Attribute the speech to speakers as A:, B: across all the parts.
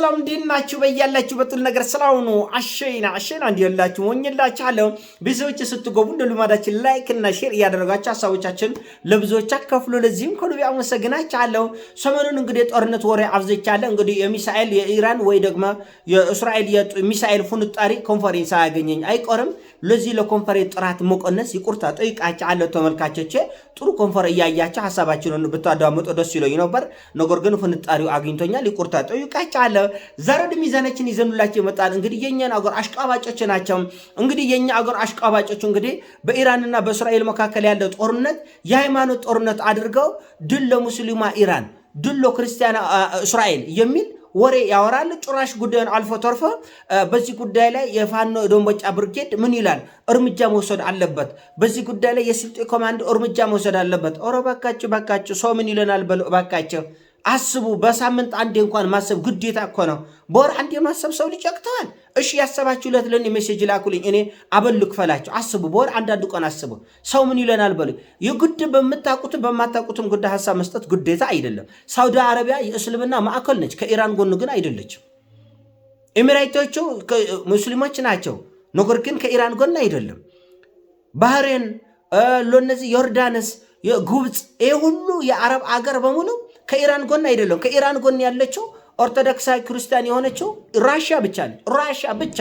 A: ሰላም እንዴት ናችሁ? በያላችሁ በጥል ነገር ሰላም ነው። አሸይና አሸይና እንዲላችሁ ወኝላችኋለሁ። ብዙዎች ስትገቡ እንደ ልማዳችን ላይክ እና ሼር እያደረጋችሁ ሀሳቦቻችን ለብዙዎች አከፍሎ ለዚህም ከልብ አመሰግናችኋለሁ። ሰሞኑን እንግዲህ የጦርነት ወሬ አብዝቻለሁ። እንግዲህ የሚሳኤል የኢራን ወይ ደግሞ የእስራኤል የሚሳኤል ፉንጣሪ ኮንፈረንስ አያገኘኝ አይቆርም። ለዚህ ለኮንፈረንስ ጥራት መቀነስ ይቁርታ ጠይቃችኋለሁ። ተመልካቾቼ ጥሩ ኮንፈር እያያችሁ ሀሳባችንን ብታዳምጡ ደስ ይለኝ ነበር። ነገር ግን ፍንጣሪው አግኝቶኛል። ይቁርታ ጠይቃችኋለሁ። ዛሬ ሚዛናችን ይዘኑላቸው ይመጣል። እንግዲህ የኛን አገር አሽቃባጮች ናቸው። እንግዲህ የኛ አገር አሽቃባጮች እንግዲህ በኢራንና በእስራኤል መካከል ያለ ጦርነት የሃይማኖት ጦርነት አድርገው ድል ለሙስሊማ ኢራን፣ ድል ለክርስቲያና እስራኤል የሚል ወሬ ያወራል። ጭራሽ ጉዳዩን አልፎ ተርፎ በዚህ ጉዳይ ላይ የፋኖ ደንቦጫ ብርጌድ ምን ይላል? እርምጃ መውሰድ አለበት። በዚህ ጉዳይ ላይ የስልጤ ኮማንድ እርምጃ መውሰድ አለበት። ኦሮ ባካቸው፣ ባካቸው ሰው ምን ይለናል? በሎ ባካቸው አስቡ። በሳምንት አንዴ እንኳን ማሰብ ግዴታ እኮ ነው። በወር አንዴ ማሰብ ሰው ልጅ ያቅተዋል። እሺ ያሰባችሁለት ለኔ ሜሴጅ ላኩልኝ፣ እኔ አበል ልክፈላችሁ። አስቡ፣ በወር አንዳንድ ቀን አስቡ። ሰው ምን ይለናል በሉ። የግድ በምታውቁትም በማታውቁትም ጉዳይ ሀሳብ መስጠት ግዴታ አይደለም። ሳውዲ አረቢያ የእስልምና ማዕከል ነች፣ ከኢራን ጎን ግን አይደለችም። ኤሚራይቶቹ ሙስሊሞች ናቸው፣ ነገር ግን ከኢራን ጎን አይደለም። ባህሬን ለነዚህ ዮርዳንስ፣ ግብፅ ይህ ሁሉ የአረብ አገር በሙሉ ከኢራን ጎን አይደለም። ከኢራን ጎን ያለችው ኦርቶዶክሳዊ ክርስቲያን የሆነችው ራሽያ ብቻ ነች። ራሽያ ብቻ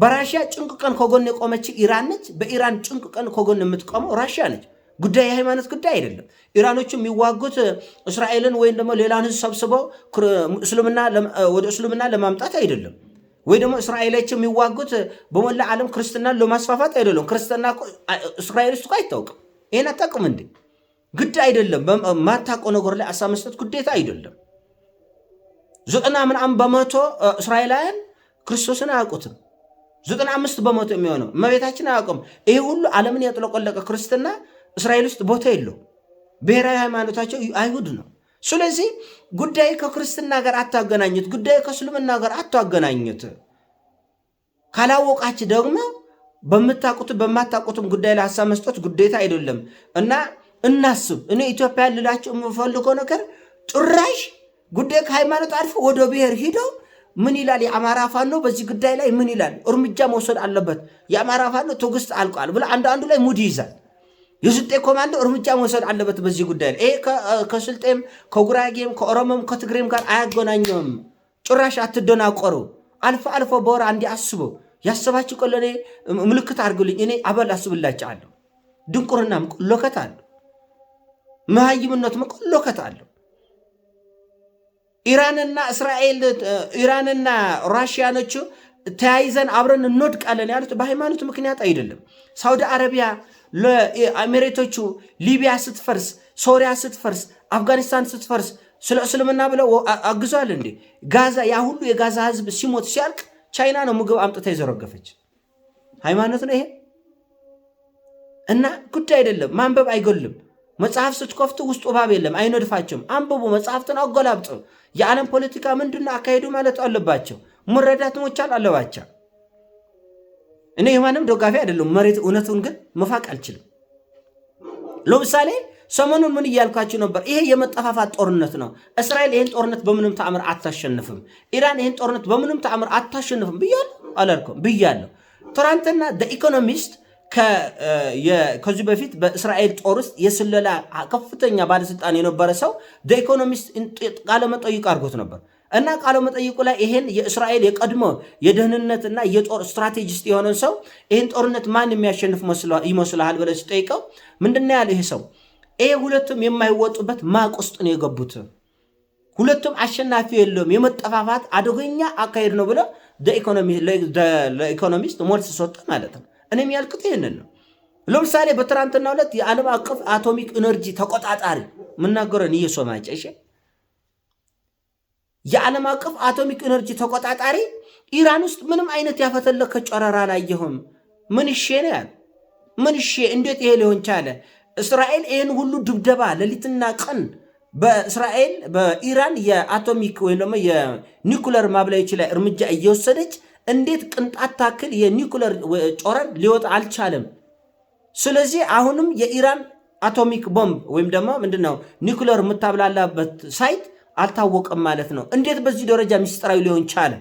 A: በራሽያ ጭንቅ ቀን ከጎን የቆመች ኢራን ነች። በኢራን ጭንቅ ቀን ከጎን የምትቆመው ራሽያ ነች። ጉዳይ የሃይማኖት ጉዳይ አይደለም። ኢራኖቹ የሚዋጉት እስራኤልን ወይም ደግሞ ሌላን ህዝብ ሰብስበው ወደ እስልምና ለማምጣት አይደለም። ወይ ደግሞ እስራኤሎች የሚዋጉት በሞላ ዓለም ክርስትናን ለማስፋፋት አይደለም። ክርስትና እስራኤል ውስጥ አይታወቅም። ይህን አታውቅም እንዴ? ግድ አይደለም። ማታውቀው ነገር ላይ አሳ መስጠት ግዴታ አይደለም። ዘጠና ምናምን በመቶ እስራኤላውያን ክርስቶስን አያውቁትም። ዘጠና አምስት በመቶ የሚሆነው እመቤታችን አያውቅም። ይሄ ሁሉ ዓለምን ያጥለቆለቀ ክርስትና እስራኤል ውስጥ ቦታ የለው። ብሔራዊ ሃይማኖታቸው አይሁድ ነው። ስለዚህ ጉዳይ ከክርስትና ጋር አታገናኙት፣ ጉዳይ ከእስልምና ጋር አታገናኙት። ካላወቃች ደግሞ በምታቁትም በማታቁትም ጉዳይ ላይ ሀሳብ መስጠት ግዴታ አይደለም እና እናስብ። እኔ ኢትዮጵያ ልላቸው የምፈልገው ነገር ጭራሽ ጉዳይ ከሃይማኖት አልፎ ወደ ብሔር ሂደው ምን ይላል የአማራ ፋኖ በዚህ ጉዳይ ላይ ምን ይላል፣ እርምጃ መውሰድ አለበት፣ የአማራ ፋኖ ትዕግስት አልቋል ብለ አንዱ አንዱ ላይ ሙድ ይይዛል። የስልጤ ኮማንዶ እርምጃ መውሰድ አለበት በዚህ ጉዳይ ላይ። ይሄ ከስልጤም ከጉራጌም ከኦሮሞም ከትግሬም ጋር አያገናኘውም። ጭራሽ አትደናቆሩ። አልፎ አልፎ በወር አንድ አስቡ። ያሰባችሁ ምልክት አድርጉልኝ፣ እኔ አበል አስብላችኋለሁ። ድንቁርናም ሎከት አለሁ መሀይምነቱ መቆሎከት አለው። ኢራንና እስራኤል ኢራንና ራሽያኖቹ ተያይዘን አብረን እንወድቃለን ያሉት በሃይማኖት ምክንያት አይደለም። ሳውዲ አረቢያ ለአሜሬቶቹ ሊቢያ ስትፈርስ፣ ሶሪያ ስትፈርስ፣ አፍጋኒስታን ስትፈርስ ስለ እስልምና ብለው አግዟል እንዴ? ጋዛ ያ ሁሉ የጋዛ ህዝብ ሲሞት ሲያልቅ ቻይና ነው ምግብ አምጥታ የዘረገፈች። ሃይማኖት ነው ይሄ። እና ጉዳይ አይደለም። ማንበብ አይጎልም። መጽሐፍ ስትኮፍት ውስጡ እባብ የለም፣ አይነድፋቸውም። አንብቡ፣ መጽሐፍትን አጎላብጡ። የዓለም ፖለቲካ ምንድነው አካሄዱ ማለት አለባቸው፣ መረዳት መቻል አለባቸው። እኔ የማንም ደጋፊ አይደለም፣ መሬት እውነቱን ግን መፋቅ አልችልም። ለምሳሌ ሰሞኑን ምን እያልኳቸው ነበር? ይሄ የመጠፋፋት ጦርነት ነው። እስራኤል ይህን ጦርነት በምንም ተአምር አታሸንፍም፣ ኢራን ይህን ጦርነት በምንም ተአምር አታሸንፍም ብያለሁ አላልኩም ብያለሁ። ትናንትና ኢኮኖሚስት ከዚህ በፊት በእስራኤል ጦር ውስጥ የስለላ ከፍተኛ ባለስልጣን የነበረ ሰው ኢኮኖሚስት ቃለ መጠይቅ አድርጎት ነበር እና ቃለ መጠይቁ ላይ ይሄን የእስራኤል የቀድሞ የደህንነትና የጦር ስትራቴጂስት የሆነን ሰው ይህን ጦርነት ማን የሚያሸንፍ ይመስልሃል ብለ ሲጠይቀው ምንድነው ያለ ይሄ ሰው ይሄ ሁለቱም የማይወጡበት ማቅ ውስጥ ነው የገቡት ሁለቱም አሸናፊ የለውም፣ የመጠፋፋት አደገኛ አካሄድ ነው ብለ ለኢኮኖሚስት ሞልስ ሰጠ ማለት ነው። እኔም ያልኩት ይህንን ነው። ለምሳሌ በትናንትና ሁለት የዓለም አቀፍ አቶሚክ ኢነርጂ ተቆጣጣሪ የምናገረን እየሶማጨ እሺ፣ የዓለም አቀፍ አቶሚክ ኢነርጂ ተቆጣጣሪ ኢራን ውስጥ ምንም አይነት ያፈተለከ ጨረራ አላየሁም። ምን እሺ ነው ያለ? ምን እሺ፣ እንዴት ይሄ ሊሆን ቻለ? እስራኤል ይህን ሁሉ ድብደባ ሌሊትና ቀን በእስራኤል በኢራን የአቶሚክ ወይም ደግሞ የኒኩለር ማብላዮች ላይ እርምጃ እየወሰደች እንዴት ቅንጣት ታክል የኒኩለር ጮረን ሊወጣ አልቻለም? ስለዚህ አሁንም የኢራን አቶሚክ ቦምብ ወይም ደግሞ ምንድነው ኒኩለር የምታብላላበት ሳይት አልታወቀም ማለት ነው። እንዴት በዚህ ደረጃ ሚስጥራዊ ሊሆን ቻለ?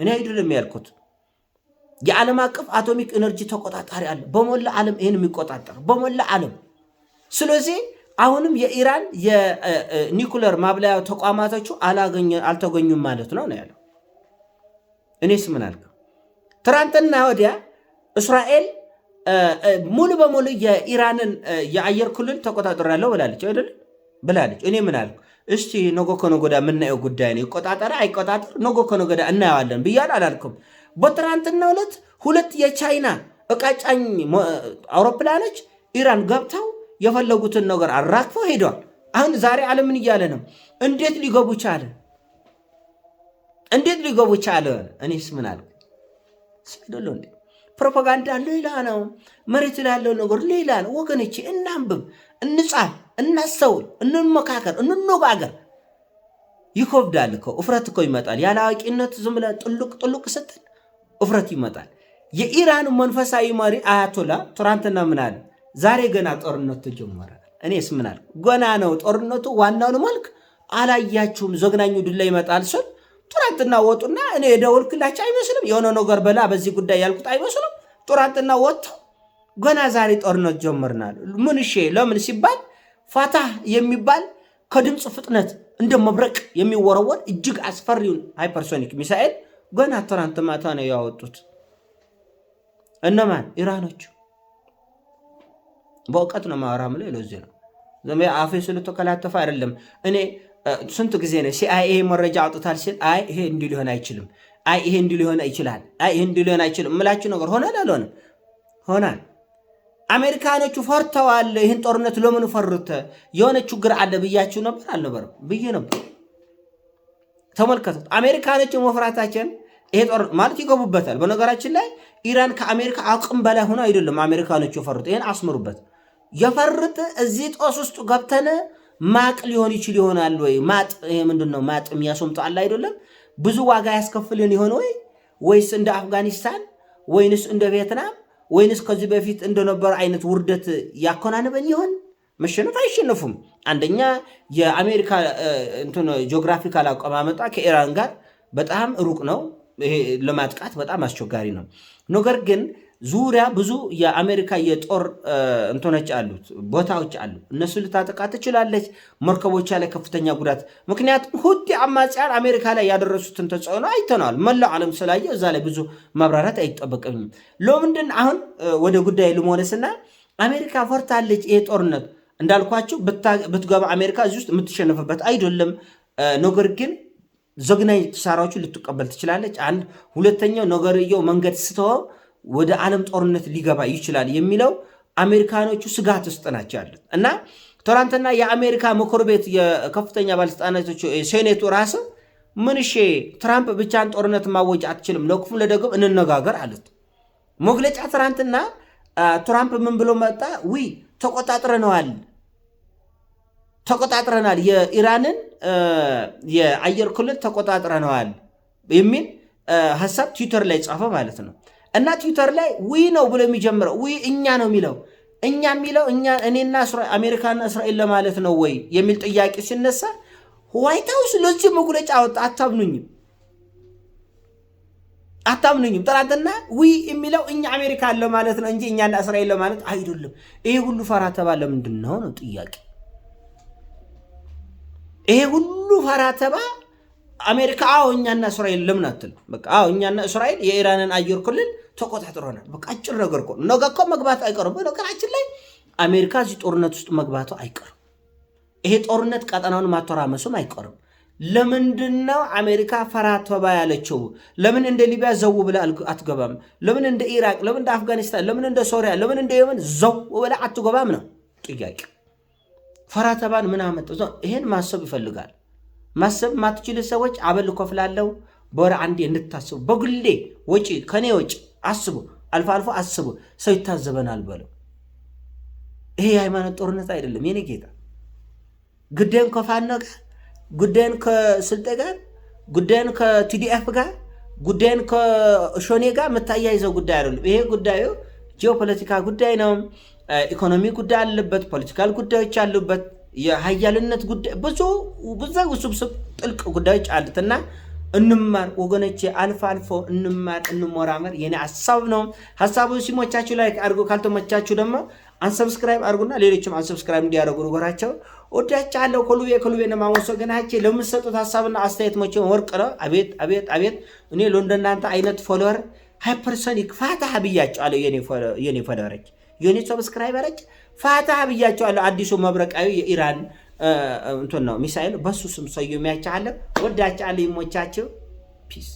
A: እኔ አይደለም ያልኩት። የዓለም አቀፍ አቶሚክ ኤነርጂ ተቆጣጣሪ አለ፣ በሞላ ዓለም ይህን የሚቆጣጠር በሞላ ዓለም። ስለዚህ አሁንም የኢራን የኒኩለር ማብላያ ተቋማቶቹ አልተገኙም ማለት ነው ነው ያለው። እኔስ ምን አልክ? ትናንትና ወዲያ እስራኤል ሙሉ በሙሉ የኢራንን የአየር ክልል ተቆጣጠራለሁ ብላለች አይደል? ብላለች። እኔ ምን አልኩ? እስቲ ነገ ከነጎዳ የምናየው ጉዳይ ነው። ይቆጣጠር አይቆጣጠር ነገ ከነጎዳ እናየዋለን ብያል አላልኩም? በትናንትናው ዕለት ሁለት የቻይና እቃጫኝ አውሮፕላኖች ኢራን ገብተው የፈለጉትን ነገር አራክፈው ሄደዋል። አሁን ዛሬ ዓለምን እያለ ነው? እንዴት ሊገቡ ቻለ? እንዴት ሊገቡ ቻለ? እኔስ ምን አልኩ? አይደለ እንዴ? ፕሮፓጋንዳ ሌላ ነው። መሬት ላይ ያለው ነገር ሌላ ነው። ወገኖቼ እናንብብ፣ እንጻፍ፣ እናስተውል፣ እንመካከር፣ እንነጋገር። ይከብዳል እኮ እፍረት እኮ ይመጣል። ያለ አዋቂነት ዝም ብለህ ጥልቅ ጥልቅ ስትል እፍረት ይመጣል። የኢራን መንፈሳዊ መሪ አያቶላ ቱራንትና ምን አለ? ዛሬ ገና ጦርነት ተጀመረ። እኔስ ምን አልኩ? ገና ነው ጦርነቱ። ዋናውን መልክ አላያችሁም። ዘግናኙ ዱላ ይመጣል ስል ጡረትና ወጡና እኔ የደወልኩላቸው አይመስልም። የሆነ ነገር በላ በዚህ ጉዳይ ያልኩት አይመስልም። ጡረትና ወጥተው ገና ዛሬ ጦርነት ጀምርናል። ምን እሺ፣ ለምን ሲባል ፋታህ የሚባል ከድምፅ ፍጥነት እንደ መብረቅ የሚወረወር እጅግ አስፈሪውን ሃይፐርሶኒክ ሚሳኤል ገና ትናንት ማታ ነው ያወጡት። እነማን ኢራኖች። በእውቀት ነው ማወራ ምለ ለዚህ ነው ዘ አፌ ስለተከላተፈ አይደለም እኔ ስንት ጊዜ ነው ሲአይኤ መረጃ አውጥታል ሲል አይ ይሄ እንዲህ ሊሆን አይችልም፣ አይ ይሄ እንዲህ ሊሆን ይችላል፣ አይ ይሄ እንዲህ ሊሆን አይችልም እምላችሁ ነገር ሆናል አልሆነም? ሆናል። አሜሪካኖቹ ፈርተዋል። ይህን ጦርነት ለምን ፈሩት? የሆነ ችግር አለ ብያችሁ ነበር አልነበረም? ብዬ ነበር። ተመልከቱት። አሜሪካኖች መፍራታችን ይሄ ጦር ማለት ይገቡበታል። በነገራችን ላይ ኢራን ከአሜሪካ አቅም በላይ ሆኖ አይደለም አሜሪካኖች የፈሩት። ይህን አስምሩበት። የፈርጥ እዚህ ጦስ ውስጥ ገብተን ማቅ ሊሆን ይችል ይሆናል ወይ? ማጥ ይሄ ምንድን ነው? ማጥ የሚያስወምጠው አለ አይደለም? ብዙ ዋጋ ያስከፍልን ይሆን ወይ? ወይስ እንደ አፍጋኒስታን ወይንስ እንደ ቪየትናም ወይንስ ከዚህ በፊት እንደነበረ አይነት ውርደት ያኮናንበን ይሆን? መሸነፍ አይሸነፉም። አንደኛ የአሜሪካ ጂኦግራፊካል አቀማመጣ ከኢራን ጋር በጣም ሩቅ ነው። ይሄ ለማጥቃት በጣም አስቸጋሪ ነው። ነገር ግን ዙሪያ ብዙ የአሜሪካ የጦር እንትኖች አሉት ቦታዎች አሉ። እነሱ ልታጠቃ ትችላለች። መርከቦች ላይ ከፍተኛ ጉዳት ምክንያቱም ሁቲ አማጽያን አሜሪካ ላይ ያደረሱትን ተጽዕኖ አይተነዋል። መላው ዓለም ስላየ እዛ ላይ ብዙ መብራራት አይጠበቅም። ለምንድን አሁን ወደ ጉዳይ ልመለስና አሜሪካ ፈርታለች። ይሄ ጦርነት እንዳልኳቸው ብትገባ አሜሪካ እዚህ ውስጥ የምትሸነፍበት አይደለም። ነገር ግን ዘግናኝ ኪሳራዎቹ ልትቀበል ትችላለች። አንድ ሁለተኛው ነገርየው መንገድ ስተወው ወደ ዓለም ጦርነት ሊገባ ይችላል የሚለው አሜሪካኖቹ ስጋት ውስጥ ናቸው ያሉት እና ትናንትና የአሜሪካ ምክር ቤት የከፍተኛ ባለስልጣናቶች ሴኔቱ ራስ ምን እሺ ትራምፕ ብቻን ጦርነት ማወጅ አትችልም፣ ለክፉም ለደጉም እንነጋገር አሉት። መግለጫ ትናንትና ትራምፕ ምን ብሎ መጣ? ዊ ተቆጣጥረነዋል፣ ተቆጣጥረናል፣ የኢራንን የአየር ክልል ተቆጣጥረነዋል የሚል ሀሳብ ትዊተር ላይ ጻፈ ማለት ነው። እና ትዊተር ላይ ዊ ነው ብሎ የሚጀምረው ዊ እኛ ነው የሚለው እኛ የሚለው እኛ እኔና አሜሪካና እስራኤል ለማለት ነው ወይ የሚል ጥያቄ ሲነሳ ዋይት ሀውስ ለዚህ መግለጫ አወጣ። አታምኑኝም አታምኑኝም። ትናንትና ዊ የሚለው እኛ አሜሪካ ለማለት ነው እንጂ እኛና እስራኤል ለማለት አይደለም። ይሄ ሁሉ ፈራ ተባ ለምንድን ነው ነው ጥያቄ። ይሄ ሁሉ ፈራ ተባ አሜሪካ አዎ እኛና እስራኤል ለምን አትል? በቃ አዎ እኛና እስራኤል የኢራንን አየር ክልል ተቆጣጥሮናል። በቃ አጭር ነገር እኮ ነገ እኮ መግባቱ አይቀርም። በነገራችን ላይ አሜሪካ እዚህ ጦርነት ውስጥ መግባቱ አይቀርም። ይሄ ጦርነት ቀጠናውን ማተራመሱም አይቀርም። ለምንድን ነው አሜሪካ ፈራ ተባ ያለችው? ለምን እንደ ሊቢያ ዘው ብለ አትገባም? ለምን እንደ ኢራቅ፣ ለምን እንደ አፍጋኒስታን፣ ለምን እንደ ሶሪያ፣ ለምን እንደ የመን ዘው ብለ አትገባም ነው ጥያቄ። ፈራ ተባን ምን አመጣ? ይሄን ማሰብ ይፈልጋል። ማሰብ ማትችሉ ሰዎች አበል ኮፍላለው በወር አንዴ እንድታስቡ በግሌ ወጪ ከኔ ወጪ አስቡ፣ አልፎ አልፎ አስቡ፣ ሰው ይታዘበናል በለው። ይሄ የሃይማኖት ጦርነት አይደለም የኔ ጌታ። ጉዳይን ከፋኖ ጋር፣ ጉዳይን ከስልጤ ጋር፣ ጉዳይን ከቲዲኤፍ ጋር፣ ጉዳይን ከሾኔ ጋር የምታያይዘው ጉዳይ አይደለም። ይሄ ጉዳዩ ጂኦፖለቲካ ጉዳይ ነው። ኢኮኖሚ ጉዳይ አለበት፣ ፖለቲካል ጉዳዮች አሉበት። የሀያልነት ጉዳይ ብዙ ብዙ ውስብስብ ጥልቅ ጉዳዮች አሉትና እንማር ወገኖቼ፣ አልፎ አልፎ እንማር፣ እንሞራመር። የኔ ሀሳብ ነው። ሀሳቡ ሲሞቻችሁ ላይክ አድርጎ ካልተሞቻችሁ ደግሞ አንሰብስክራይብ አድርጉና ሌሎችም አንሰብስክራይብ እንዲያደርጉ ንጎራቸው። ወዳችኋለሁ። ከሉቤ ከልቤ ነው የማመሰግናችሁ ለምሰጡት ሀሳብና አስተያየት። መቼም ወርቅ ነው። አቤት አቤት አቤት! እኔ ለእንደናንተ አይነት ፎሎወር ሀይ ፋታ ብያቸው ብያቸዋለሁ። የኔ ፎሎወረች የኔ ሰብስክራይበረች ፋታ ብያቸዋለሁ። አዲሱ መብረቃዊ የኢራን እንትን ነው ሚሳይል በሱ ስም ሰየሚያችኋለሁ። ወዳችኋለሁ። ይሞቻቸው ፒስ